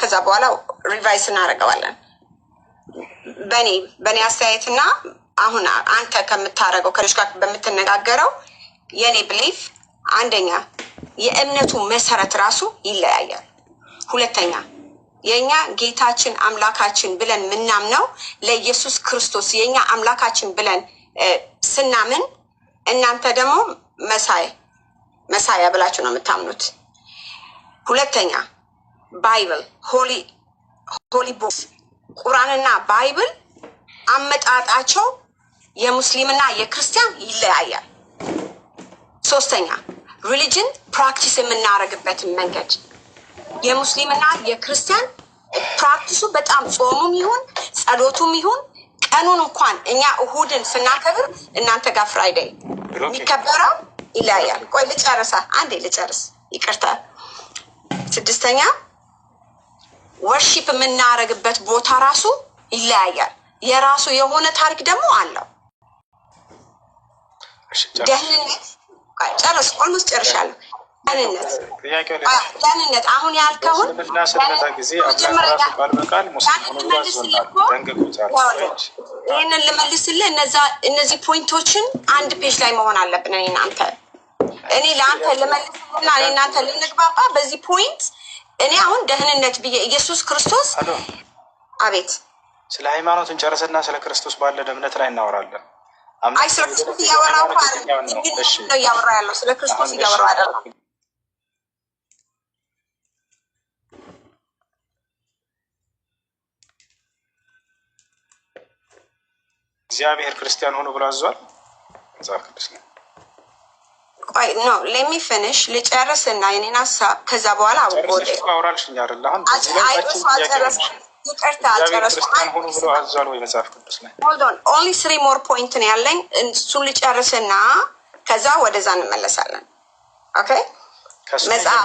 ከዛ በኋላ ሪቫይስ እናደርገዋለን። በኔ በኔ አስተያየትና አሁን አንተ ከምታደርገው ከልጅ ጋር በምትነጋገረው የኔ ብሊፍ አንደኛ የእምነቱ መሰረት ራሱ ይለያያል። ሁለተኛ የእኛ ጌታችን አምላካችን ብለን ምናምነው ለኢየሱስ ክርስቶስ የእኛ አምላካችን ብለን ስናምን እናንተ ደግሞ መሳይ መሳያ ብላችሁ ነው የምታምኑት። ሁለተኛ ባይብል ሆሊ ሆሊ ቡክስ ቁርአንና ባይብል አመጣጣቸው የሙስሊምና የክርስቲያን ይለያያል። ሶስተኛ ሪሊጅን ፕራክቲስ የምናደርግበት መንገድ የሙስሊምና የክርስቲያን ፕራክቲሱ በጣም ጾሙም ይሁን ጸሎቱም ይሁን ቀኑን እንኳን እኛ እሁድን ስናከብር እናንተ ጋር ፍራይዴይ የሚከበረው ይለያያል። ቆይ ልጨርሳ፣ አንዴ ልጨርስ፣ ይቅርታ። ስድስተኛ ወርሺፕ የምናረግበት ቦታ ራሱ ይለያያል። የራሱ የሆነ ታሪክ ደግሞ አለው። ደህንነት ጨርስ ኦልሞስት ጨርሻለሁ። ደህንነት አሁን ያልከውን ይህንን ልመልስልህ። እነዚህ ፖይንቶችን አንድ ፔጅ ላይ መሆን አለብን። እኔ እናንተ እኔ ለአንተ ልመልስና እናንተ ልንግባባ በዚህ ፖይንት እኔ አሁን ደህንነት ብዬ ኢየሱስ ክርስቶስ አቤት ስለ ሃይማኖት እንጨርስና ስለ ክርስቶስ ባለን እምነት ላይ እናወራለን። አይ ስለ ክርስቶስ እያወራ ነው እያወራ ያለው ስለ ክርስቶስ እያወራ አይደለም። እግዚአብሔር ክርስቲያን ሆኖ ብሎ አዟል። መጽሐፍ ቅዱስ ነው። ቆይ ኖ ሌሚ ፊኒሽ ልጨርስ እና የኔን ሀሳብ ከዛ በኋላ ይቅርታ አልጨረስኩም። ኦንሊ ስሪ ሞር ፖይንት ነው ያለኝ። እሱን ልጨርስ ከዛ ወደዛ እንመለሳለን። ኦኬ ክርስቲያን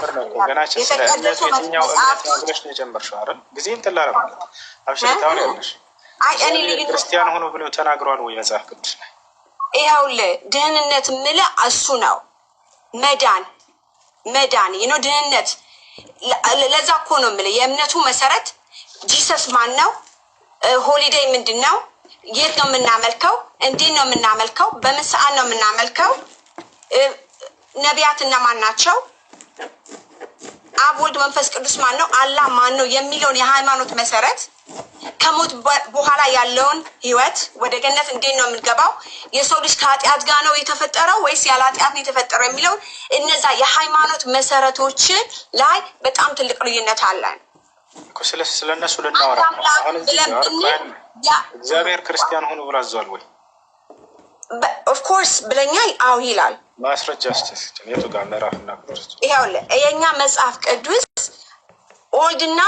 ሆኖ ብሎ ተናግሯል ወይ መጽሐፍ ቅዱስ ላይ? ይኸውልህ ድህንነት ምለ እሱ ነው መዳን መዳን ነው ድህንነት ለዛ እኮ ነው የምልህ የእምነቱ መሰረት ጂሰስ ማን ነው? ሆሊዴይ ምንድን ነው? የት ነው የምናመልከው? እንዴት ነው የምናመልከው? በምን ሰዓት ነው የምናመልከው? ነቢያት እነማን ናቸው? አብ ወልድ መንፈስ ቅዱስ ማን ነው? አላህ ማን ነው? የሚለውን የሃይማኖት መሰረት ከሞት በኋላ ያለውን ህይወት ወደ ገነት እንዴት ነው የምንገባው? የሰው ልጅ ከኃጢአት ጋር ነው የተፈጠረው ወይስ ያለ ኃጢአት ነው የተፈጠረው የሚለው እነዛ የሃይማኖት መሰረቶች ላይ በጣም ትልቅ ልዩነት አለን። ስለነሱ እነሱ ልናወራ እግዚአብሔር ክርስቲያን ሆኖ ብሎ አዟል ወይ? ኦፍኮርስ ብለኛ አዎ ይላል። ማስረጃ ስችል የቱ ጋር ምዕራፍና ይኸውልህ የእኛ መጽሐፍ ቅዱስ ኦልድና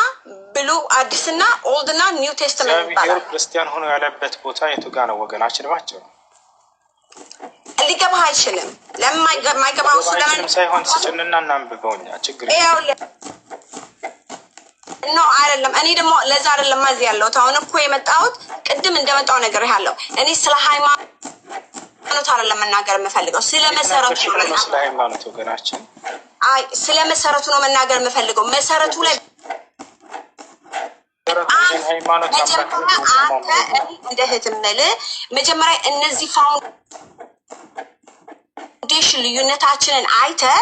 ብሉ አዲስና ኦልድና ኒው ቴስትመንት ይባላል። ክርስቲያን ሆኖ ያለበት ቦታ የቱ ጋ ነው ወገናችን? ባቸው ሊገባህ አይችልም። ለማይገባ እሱ ለምን ሳይሆን ስጭንና እናንብበውኛ ችግር ኖ አይደለም። እኔ ደግሞ ለዛ አይደለም ማዚ ያለሁት አሁን እኮ የመጣሁት ቅድም እንደመጣው ነገር ያለው እኔ ስለ ሃይማኖት አይደለም መናገር የምፈልገው ስለ መሰረቱ ነው። ስለ ሃይማኖት ወገናችን፣ አይ ስለ መሰረቱ ነው መናገር የምፈልገው መሰረቱ ላይ እንደ እህት የምልህ መጀመሪያ እነዚህ ፋውንዴሽን ልዩነታችንን አይተ ።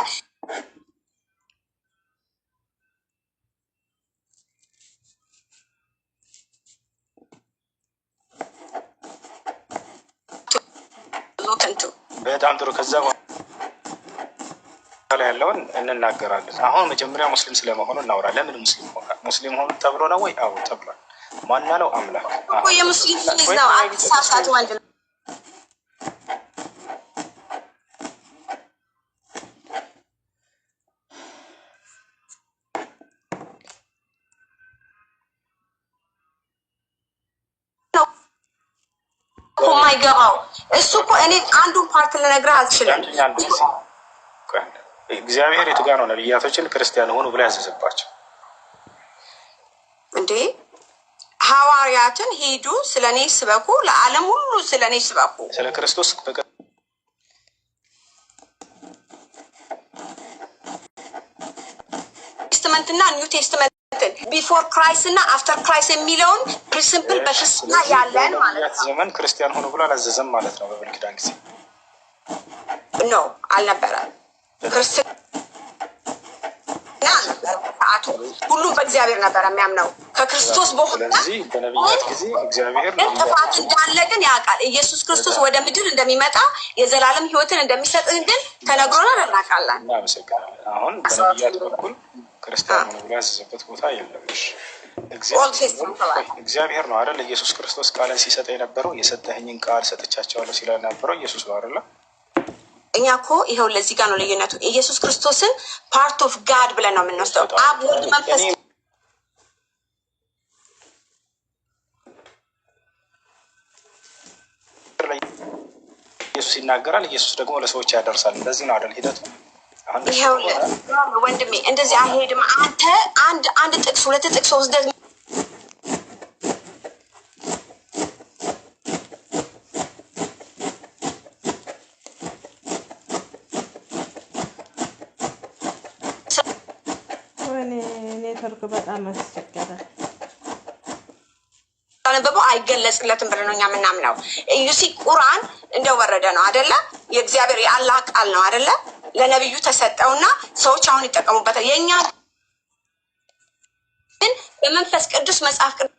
በጣም ጥሩ ከዛ ላይ ያለውን እንናገራለን። አሁን መጀመሪያ ሙስሊም ስለመሆኑ እናውራ። ለምን ሙስሊም ሆ ሙስሊም ሆኑ ተብሎ ነው ወይ? አዎ ተብሏል። ማና ነው አምላክ የሙስሊም ፌዝ ነው። አሳሳት ወንድ ነው እኮ እሱ እኮ እኔ አንዱን ፓርት ልነግርህ አልችልም። እግዚአብሔር የቱ ጋር ነው ነቢያቶችን ክርስቲያን ሆኑ ብሎ ያዘዘባቸው? እንዴ ሐዋርያትን ሂዱ ስለ እኔ ስበኩ፣ ለዓለም ሁሉ ስለ እኔ ስበኩ። ስለ ክርስቶስ ቴስትመንትና ኒው ቴስትመንትን ቢፎር ክራይስት እና አፍተር ክራይስት የሚለውን ፕሪንስፕል በፍስና ያለን ማለት ነው። ዘመን ክርስቲያን ሆኑ ብሎ አላዘዘም ማለት ነው። በብሉይ ጊዜ ኖ አልነበረም። ክርስትና ሰዓቱ ሁሉም በእግዚአብሔር ነበር የሚያምነው ከክርስቶስ በኋላ ጥፋት እንዳለ ግን ያውቃል። ኢየሱስ ክርስቶስ ወደ ምድር እንደሚመጣ የዘላለም ሕይወትን እንደሚሰጥ ግን ተነግሮናል፣ እናውቃለን። አሁን በነቢያት በኩል ክርስቲያን ሆነ ያዘዘበት ቦታ የለም። እግዚአብሔር ነው አይደል? ኢየሱስ ክርስቶስ ቃልን ሲሰጥ የነበረው የሰጠህኝን ቃል ሰጥቻቸዋለሁ ሲላ ነበረው ኢየሱስ ነው አይደለም? እኛ እኮ ይኸው ለዚህ ጋር ነው ልዩነቱ። ኢየሱስ ክርስቶስን ፓርት ኦፍ ጋድ ብለን ነው የምንወስደው። አብ ወልድ መንፈስ ኢየሱስ ይናገራል፣ ኢየሱስ ደግሞ ለሰዎች ያደርሳል። እንደዚህ ነው አይደል ሂደቱ? ይኸውልህ ወንድሜ እንደዚህ አይሄድም። አንተ አንድ አንድ ጥቅስ ሁለት ጥቅስ ወስደህ በጣም አስቸገረ። አንብበው አይገለጽለትም ብለን ነው እኛ የምናምነው። ዩሲ ቁርአን እንደወረደ ነው አደለ? የእግዚአብሔር የአላህ ቃል ነው አደለ? ለነቢዩ ተሰጠውና ሰዎች አሁን ይጠቀሙበታል። የእኛ ግን በመንፈስ ቅዱስ መጽሐፍ ቅዱስ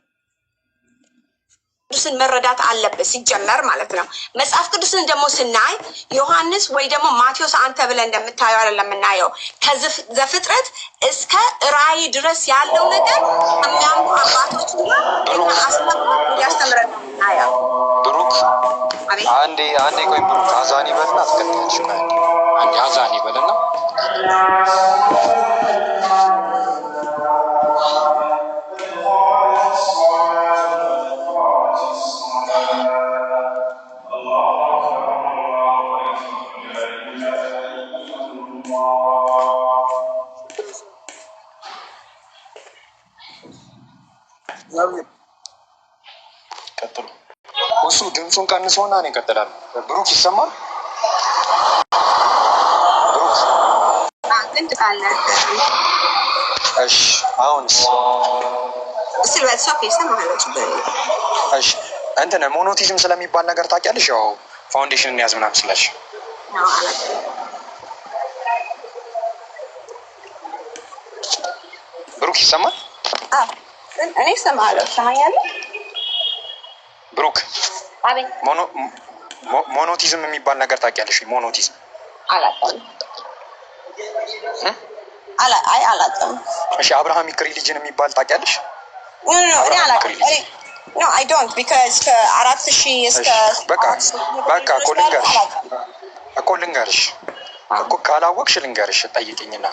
ቅዱስን መረዳት አለበት ሲጀመር ማለት ነው። መጽሐፍ ቅዱስን ደግሞ ስናይ ዮሐንስ ወይ ደግሞ ማቴዎስ አንተ ብለህ እንደምታየው አይደለም የምናየው። ከዘፍጥረት እስከ ራእይ ድረስ ያለው ነገር ከሚያምሩ አባቶች እና አስመ እንዲያስተምረን ነው የምናየው። ብሩክ አንዴ አንዴ ቆይ ብሩክ አዛን ይበልና አስከትለች አንዴ አዛን ይበልና እሱን ቀንሰውና ነው ይቀጥላል። ብሩክ ይሰማል። እሺ አሁንስ እሺ እንትን ሞኖቲዝም ስለሚባል ነገር ታውቂያለሽ? ያው ፋውንዴሽን ያዝ ምናምን ስላሽ ብሩክ ይሰማል። እኔ እሰማለሁ። ትሰማኛለህ ብሩክ? ሞኖቲዝም የሚባል ነገር ታውቂያለሽ? ሞኖቲዝም አላውቅም። አላውቅም። እሺ አብርሃሚክ ሪሊጅን የሚባል ታውቂያለሽ? ከአራት በቃ እኮ ልንገርሽ እኮ ልንገርሽ እኮ ካላወቅሽ ልንገርሽ ጠይቅኝና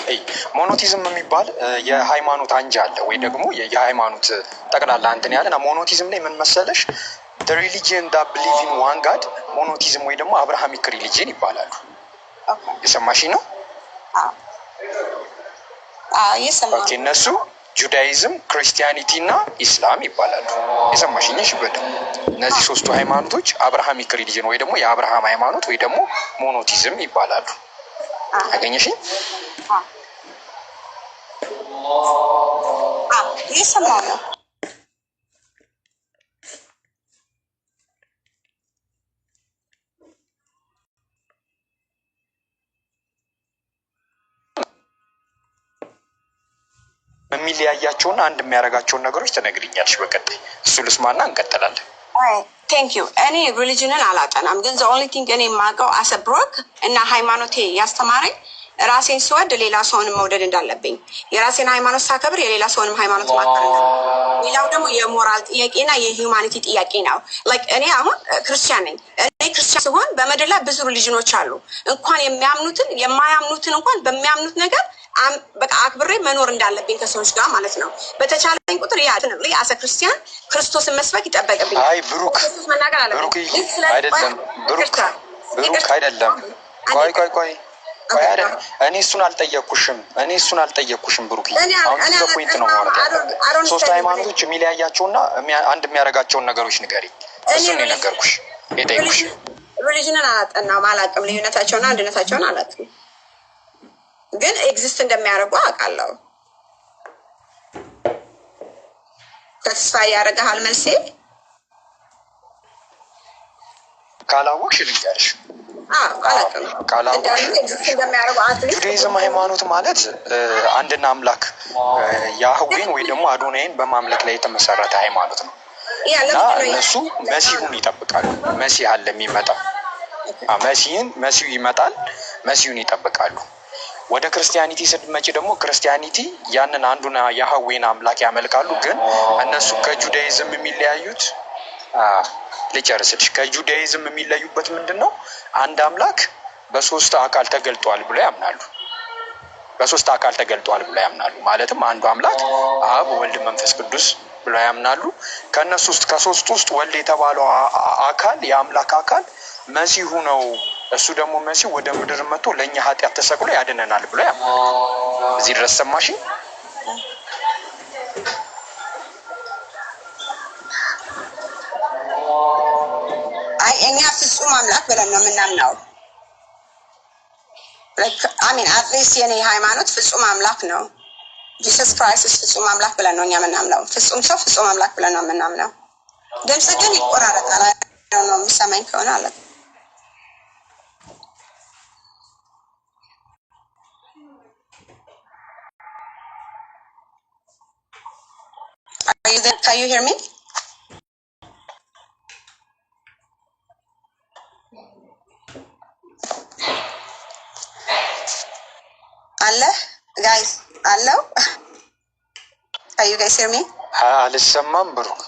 ሞኖቲዝም የሚባል የሃይማኖት አንጃ አለ ወይ ደግሞ የሃይማኖት ጠቅላላ እንትን ያለና ሞኖቲዝም ላይ ምን መሰለሽ ሪሊጅን ዳ ብሊቭ ኢን ዋን ጋድ ሞኖቲዝም ወይ ደግሞ አብርሃሚክ ሪሊጅን ይባላሉ። የሰማሽ ነው። እነሱ ጁዳይዝም፣ ክርስቲያኒቲ እና ኢስላም ይባላሉ። የሰማሽኝ ሽበደ እነዚህ ሶስቱ ሃይማኖቶች አብርሃሚክ ሪሊጅን ወይ ደግሞ የአብርሃም ሃይማኖት ወይ ደግሞ ሞኖቲዝም ይባላሉ። አገኘሽኝ? ይህ ነው። የሚለያያቸውና አንድ የሚያደርጋቸውን ነገሮች ትነግሪኛለሽ በቀጣይ። እሱ ልስማና እንቀጥላለን። ቴንክ ዩ። እኔ ሪሊጅንን አላጠናም፣ ግን ዘ ኦንሊ ቲንግ እኔ የማውቀው አሰብሮክ እና ሃይማኖቴ ያስተማረኝ ራሴን ስወድ ሌላ ሰውንም መውደድ እንዳለብኝ፣ የራሴን ሃይማኖት ሳከብር የሌላ ሰውንም ሃይማኖት ማክበር። ሌላው ደግሞ የሞራል ጥያቄና የሂውማኒቲ ጥያቄ ነው። እኔ አሁን ክርስቲያን ነኝ። እኔ ክርስቲያን ሲሆን በምድር ላይ ብዙ ሪሊጅኖች አሉ። እንኳን የሚያምኑትን የማያምኑትን እንኳን በሚያምኑት ነገር በቃ አክብሬ መኖር እንዳለብኝ ከሰዎች ጋር ማለት ነው። በተቻለኝ ቁጥር ያትን አሰ ክርስቲያን ክርስቶስን መስበክ ይጠበቅብኛል። አይ ብሩክ ብሩክ አይደለም፣ ብሩክ አይደለም። ቆይ ቆይ ቆይ እኔ እሱን አልጠየቅኩሽም። እኔ እሱን አልጠየቅኩሽም ብሩክዬ። አሁን እዛ ፖይንት ነው ማለት ያለው። ሶስት ሃይማኖቶች የሚለያያቸውና አንድ የሚያደርጋቸውን ነገሮች ንገሪ። እሱን የነገርኩሽ የጠየቅኩሽ። ሪሊጅንን አላጠናም አላውቅም። ልዩነታቸውና አንድነታቸውን አላውቅም፣ ግን ኤግዚስት እንደሚያደርጉ አውቃለሁ። ተስፋ እያደረገሃል መልሴ ካላወቅሽ ልንገርሽ ጁዳይዝም ሃይማኖት ማለት አንድና አምላክ ያህዌን ወይ ደግሞ አዶናይን በማምለክ ላይ የተመሰረተ ሃይማኖት ነው እና እነሱ መሲሁን ይጠብቃሉ። መሲህ አለ የሚመጣ መሲህን መሲሁ ይመጣል። መሲሁን ይጠብቃሉ። ወደ ክርስቲያኒቲ ስትመጪ ደግሞ ክርስቲያኒቲ ያንን አንዱን የሀዌን አምላክ ያመልካሉ። ግን እነሱ ከጁዳይዝም የሚለያዩት ልጨርስልሽ፣ ከጁዳይዝም የሚለዩበት ምንድን ነው? አንድ አምላክ በሶስት አካል ተገልጧል ብሎ ያምናሉ። በሶስት አካል ተገልጧል ብሎ ያምናሉ። ማለትም አንዱ አምላክ አብ፣ ወልድ፣ መንፈስ ቅዱስ ብሎ ያምናሉ። ከእነሱ ውስጥ ከሶስቱ ውስጥ ወልድ የተባለው አካል የአምላክ አካል መሲሁ ነው። እሱ ደግሞ መሲሁ ወደ ምድር መጥቶ ለእኛ ኃጢአት ተሰቅሎ ያድነናል ብሎ ያምናሉ። እዚህ ድረስ ሰማሽኝ? እኛ ፍጹም አምላክ ብለን ነው የምናምናው። አሚን አትሊስት የኔ ሃይማኖት ፍጹም አምላክ ነው። ጂሰስ ክራይስት ፍጹም አምላክ ብለን ነው እኛ የምናምነው። ፍጹም ሰው ፍጹም አምላክ ብለን ነው የምናምነው። ድምፅ ግን ይቆራረጣል። ነው የሚሰማኝ ከሆነ አለ Can you hear me? አለ ጋይስ አለው አዩ ጋይስ ሄር ሚ አልሰማም። ብሩክ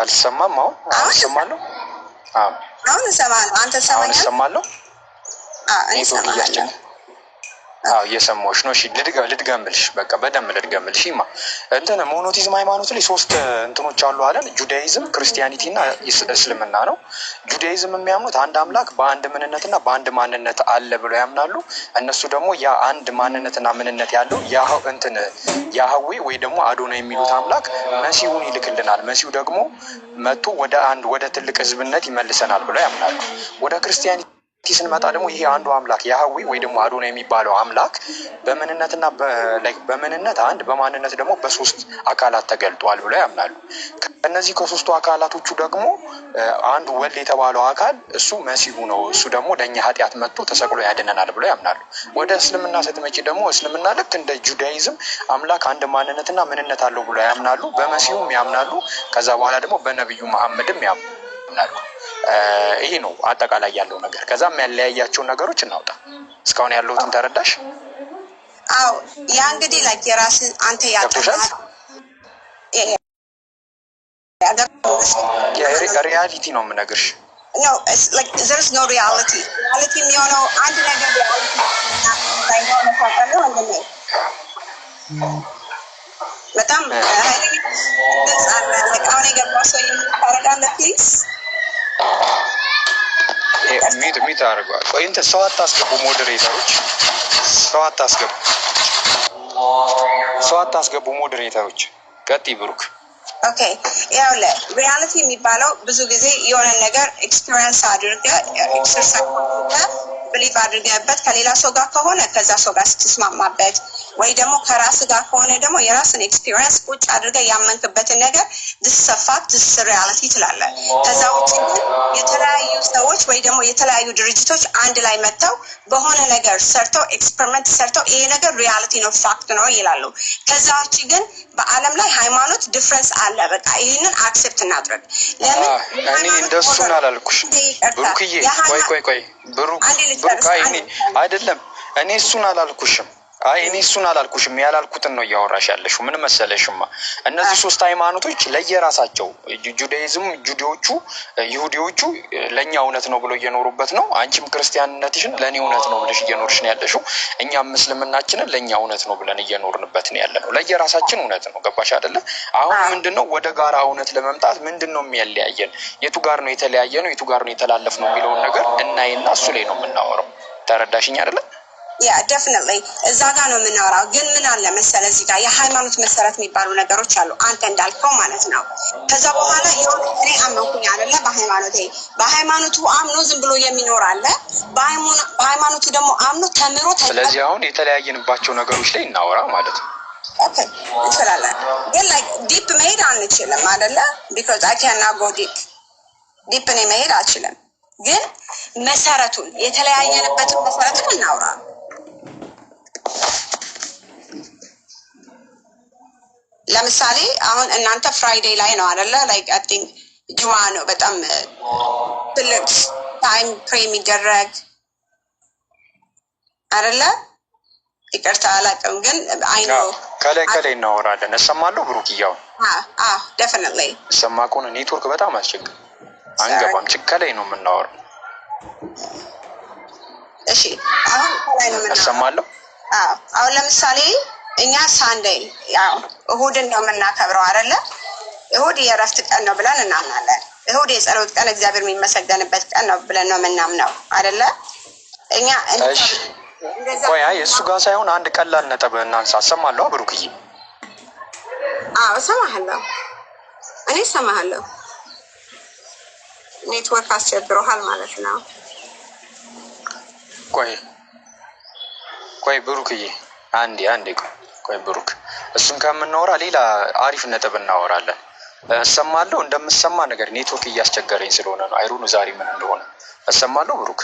አልሰማም። አሁን አሁን አሁን እሰማለሁ። አንተ ትሰማኛለህ? እሰማለሁ። እኔ እያስቸገረኝ እየሰማሁሽ ነው። ልድገምልሽ፣ በቃ በደንብ ልድገምልሽ። ማ እንትን ሞኖቲዝም ሃይማኖት ላይ ሶስት እንትኖች አሉ አለን። ጁዳይዝም፣ ክርስቲያኒቲ እና እስልምና ነው። ጁዳይዝም የሚያምኑት አንድ አምላክ በአንድ ምንነትና በአንድ ማንነት አለ ብለው ያምናሉ። እነሱ ደግሞ ያ አንድ ማንነትና ምንነት ያለው እንትን ያህዌ ወይ ደግሞ አዶና የሚሉት አምላክ መሲሁን ይልክልናል፣ መሲሁ ደግሞ መጥቶ ወደ አንድ ወደ ትልቅ ህዝብነት ይመልሰናል ብሎ ያምናሉ። ወደ ክርስቲያኒቲ በሁቲ ስንመጣ ደግሞ ይሄ አንዱ አምላክ ያህዊ ወይ ደግሞ አዶና የሚባለው አምላክ በምንነትና በምንነት አንድ በማንነት ደግሞ በሶስት አካላት ተገልጧል ብለው ያምናሉ። ከእነዚህ ከሶስቱ አካላቶቹ ደግሞ አንዱ ወልድ የተባለው አካል እሱ መሲሁ ነው። እሱ ደግሞ ለእኛ ኃጢአት መጥቶ ተሰቅሎ ያድነናል ብለው ያምናሉ። ወደ እስልምና ስትመጪ ደግሞ እስልምና ልክ እንደ ጁዳይዝም አምላክ አንድ ማንነትና ምንነት አለው ብለው ያምናሉ። በመሲሁም ያምናሉ። ከዛ በኋላ ደግሞ በነቢዩ መሐመድም ያምናሉ። ይሄ ነው አጠቃላይ ያለው ነገር። ከዛም ያለያያቸውን ነገሮች እናውጣ። እስካሁን ያለሁትን ተረዳሽ? አዎ ያ እንግዲህ ላይ የራስ አንተ ያጠናል ሪያሊቲ ነው የምነግርሽ። ዘርስ ኖ ሪያሊቲ ሪያሊቲ የሚሆነው አንድ ነገር በጣም ሀይለኛ ገጽ አለ። አሁን የገባ ሰው ታረጋለ ፕሊዝ ሚት ሚት አድርጓል። ቆይ እንትን ሰው አታስገቡ፣ ሞዴሬተሮች ሰው አታስገቡ፣ ሰው አታስገቡ፣ ሞዴሬተሮች። ቀጥ ብሩክ። ኦኬ ያው ለሪያሊቲ የሚባለው ብዙ ጊዜ የሆነ ነገር ኤክስፒሪንስ አድርገ ኤክሰርሳይዝ ብሊቭ አድርገበት ከሌላ ሰው ጋር ከሆነ ከዛ ሰው ጋር ስትስማማበት ወይ ደግሞ ከራስ ጋር ከሆነ ደግሞ የራስን ኤክስፒሪየንስ ቁጭ አድርገ ያመንክበትን ነገር ዝሰፋት ዝስ ሪያልቲ ትላለን። ከዛ ውጭ ግን የተለያዩ ሰዎች ወይ ደግሞ የተለያዩ ድርጅቶች አንድ ላይ መጥተው በሆነ ነገር ሰርተው ኤክስፐሪመንት ሰርተው ይሄ ነገር ሪያልቲ ነው ፋክት ነው ይላሉ። ከዛ ውጭ ግን በአለም ላይ ሃይማኖት ዲፍረንስ አለ። በቃ ይህንን አክሴፕት እናድረግ። ለምን እንደሱን አላልኩሽ ብሩክዬ፣ ቆይ ቆይ ቆይ ብሩክ አይደለም እኔ እሱን አላልኩሽም አይ እኔ እሱን አላልኩሽም። ያላልኩትን ነው እያወራሽ ያለሽው። ምን መሰለሽማ እነዚህ ሶስት ሃይማኖቶች ለየራሳቸው ጁዳይዝም፣ ጁዲዎቹ፣ ይሁዲዎቹ ለእኛ እውነት ነው ብሎ እየኖሩበት ነው። አንቺም ክርስቲያንነትሽን ለእኔ እውነት ነው ብለሽ እየኖርሽ ነው ያለሽው። እኛም ምስልምናችንን ለእኛ እውነት ነው ብለን እየኖርንበት ነው ያለ ነው። ለየራሳችን እውነት ነው። ገባሽ አይደለ? አሁን ምንድን ነው ወደ ጋራ እውነት ለመምጣት ምንድን ነው የሚያለያየን? የቱ ጋር ነው የተለያየ ነው፣ የቱ ጋር ነው የተላለፍ ነው የሚለውን ነገር እናይና እሱ ላይ ነው የምናወረው። ተረዳሽኝ አይደለም? ያ ደፍነትሊ እዛ ጋ ነው የምናወራው። ግን ምን አለ መሰለ እዚህ ጋር የሃይማኖት መሰረት የሚባሉ ነገሮች አሉ፣ አንተ እንዳልከው ማለት ነው። ከዛ በኋላ የሆነ እኔ አመንኩኝ አለ በሃይማኖቴ። በሃይማኖቱ አምኖ ዝም ብሎ የሚኖር አለ፣ በሃይማኖቱ ደግሞ አምኖ ተምሮ። ስለዚህ አሁን የተለያየንባቸው ነገሮች ላይ እናወራ ማለት ነው። ኦኬ እንችላለን፣ ግን ላይክ ዲፕ መሄድ አንችልም አደለ? ቢኮዝ አይ ካን ናት ጎ ዲፕ ዲፕ እኔ መሄድ አልችልም። ግን መሰረቱን የተለያየንበትን መሰረቱን እናውራ። ለምሳሌ አሁን እናንተ ፍራይዴ ላይ ነው አለ ላይክ አይ ቲንክ ጁማ ነው በጣም uh, ትልቅ ታይም ፕሬ የሚደረግ አደለ? ይቅርታ አላውቅም፣ ግን አይነው ከላይ ከላይ እናወራለን። እሰማለሁ ብሩክ እያው ደፍኒትሊ እሰማ ከሆነ ኔትወርክ በጣም አስቸግ አንገባም። ከላይ ነው የምናወራው። እሺ አሁን ከላይ ነው የምናወራው። እሰማለሁ አሁን ለምሳሌ እኛ ሳንደይ ያው እሁድን ነው የምናከብረው አይደለ? እሁድ የእረፍት ቀን ነው ብለን እናምናለን። እሁድ የጸሎት ቀን፣ እግዚአብሔር የሚመሰገንበት ቀን ነው ብለን ነው የምናምነው አይደለ? እኛ እሱ ጋር ሳይሆን አንድ ቀላል ነጥብ እናንሳ። እሰማለሁ ብሩክዬ። አዎ እሰማሃለሁ፣ እኔ እሰማሃለሁ። ኔትወርክ አስቸግሮሃል ማለት ነው። ቆይ ቆይ ብሩክዬ አንዴ አንዴ ቆይ ወይም ብሩክ፣ እሱን ከምናወራ ሌላ አሪፍ ነጥብ እናወራለን። እሰማለሁ እንደምሰማ ነገር ኔትወርክ እያስቸገረኝ ስለሆነ ነው። አይሮኑ ዛሬ ምን እንደሆነ እሰማለሁ። ብሩክ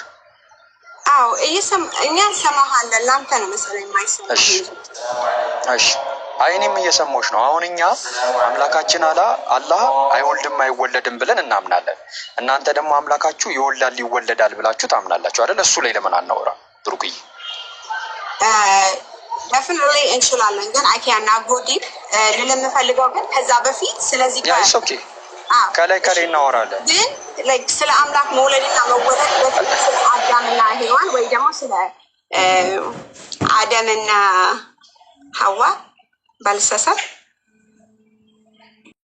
አዎ፣ እኛ እንሰማሃለን። ለአንተ ነው መሰለኝ የማይሰማ። እሺ አይ እኔም እየሰማሁሽ ነው። አሁን እኛ አምላካችን አላ አላህ አይወልድም አይወለድም ብለን እናምናለን። እናንተ ደግሞ አምላካችሁ ይወልዳል ይወለዳል ብላችሁ ታምናላችሁ አይደል? እሱ ላይ ለምን አናወራ ብሩክዬ? ደፍን እንችላለን፣ ግን አይ ካን ጎ ዲፕ ልል የምፈልገው ግን ከዛ በፊት ስለዚህ ከላይ ከላይ እናወራለን። ግን ስለ አምላክ መውለድና መወለድ በፊት ስለ አዳምና ሔዋን ወይ ደግሞ ስለ አደምና ሀዋ ባልሰሳት